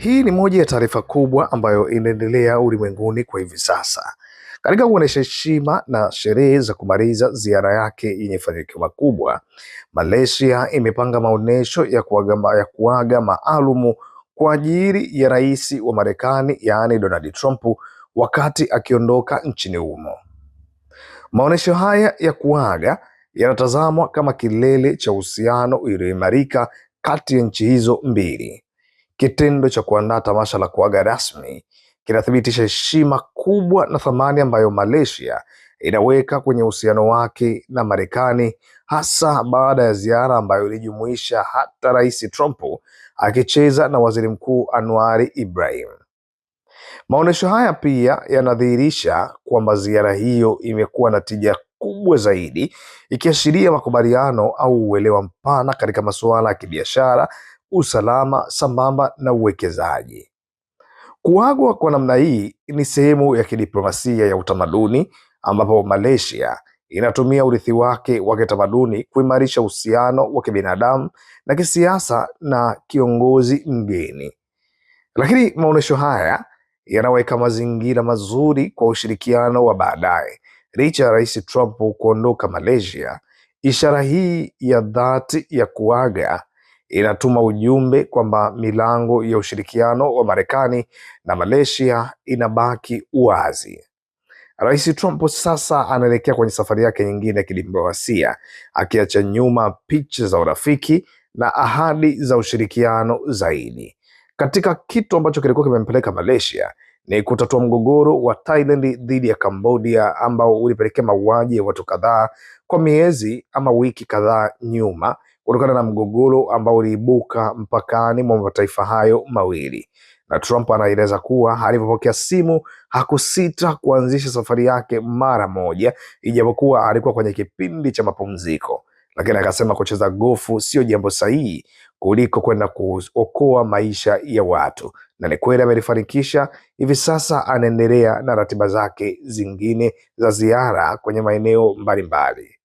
Hii ni moja ya taarifa kubwa ambayo inaendelea ulimwenguni kwa hivi sasa. Katika kuonyesha heshima na sherehe za kumaliza ziara yake yenye mafanikio makubwa, Malaysia imepanga maonyesho ya kuaga, ya kuaga maalumu kwa ajili ya rais wa Marekani yaani Donald Trump wakati akiondoka nchini humo. Maonyesho haya ya kuaga yanatazamwa kama kilele cha uhusiano ulioimarika kati ya nchi hizo mbili. Kitendo cha kuandaa tamasha la kuaga rasmi kinathibitisha heshima kubwa na thamani ambayo Malaysia inaweka kwenye uhusiano wake na Marekani, hasa baada ya ziara ambayo ilijumuisha hata Rais Trump akicheza na Waziri Mkuu Anwar Ibrahim. Maonyesho haya pia yanadhihirisha kwamba ziara hiyo imekuwa na tija kubwa zaidi, ikiashiria makubaliano au uelewa mpana katika masuala ya kibiashara usalama sambamba na uwekezaji. Kuagwa kwa namna hii ni sehemu ya kidiplomasia ya utamaduni ambapo Malaysia inatumia urithi wake wa kitamaduni kuimarisha uhusiano wa kibinadamu na kisiasa na kiongozi mgeni. Lakini maonyesho haya yanaweka mazingira mazuri kwa ushirikiano wa baadaye. Licha ya Rais Trump kuondoka Malaysia, ishara hii ya dhati ya kuaga inatuma ujumbe kwamba milango ya ushirikiano wa Marekani na Malaysia inabaki wazi. Rais Trump sasa anaelekea kwenye safari yake nyingine ya kidiplomasia, akiacha nyuma picha za urafiki na ahadi za ushirikiano zaidi. Katika kitu ambacho kilikuwa kimempeleka Malaysia ni kutatua mgogoro wa Thailand dhidi ya Cambodia ambao ulipelekea mauaji ya watu kadhaa kwa miezi ama wiki kadhaa nyuma, kutokana na mgogoro ambao uliibuka mpakani mwa mataifa hayo mawili na Trump anaeleza kuwa alipopokea simu hakusita kuanzisha safari yake mara moja, ijapokuwa alikuwa kwenye kipindi cha mapumziko, lakini akasema kucheza gofu sio jambo sahihi kuliko kwenda kuokoa maisha ya watu, na ni kweli amelifanikisha. Hivi sasa anaendelea na ratiba zake zingine za ziara kwenye maeneo mbalimbali.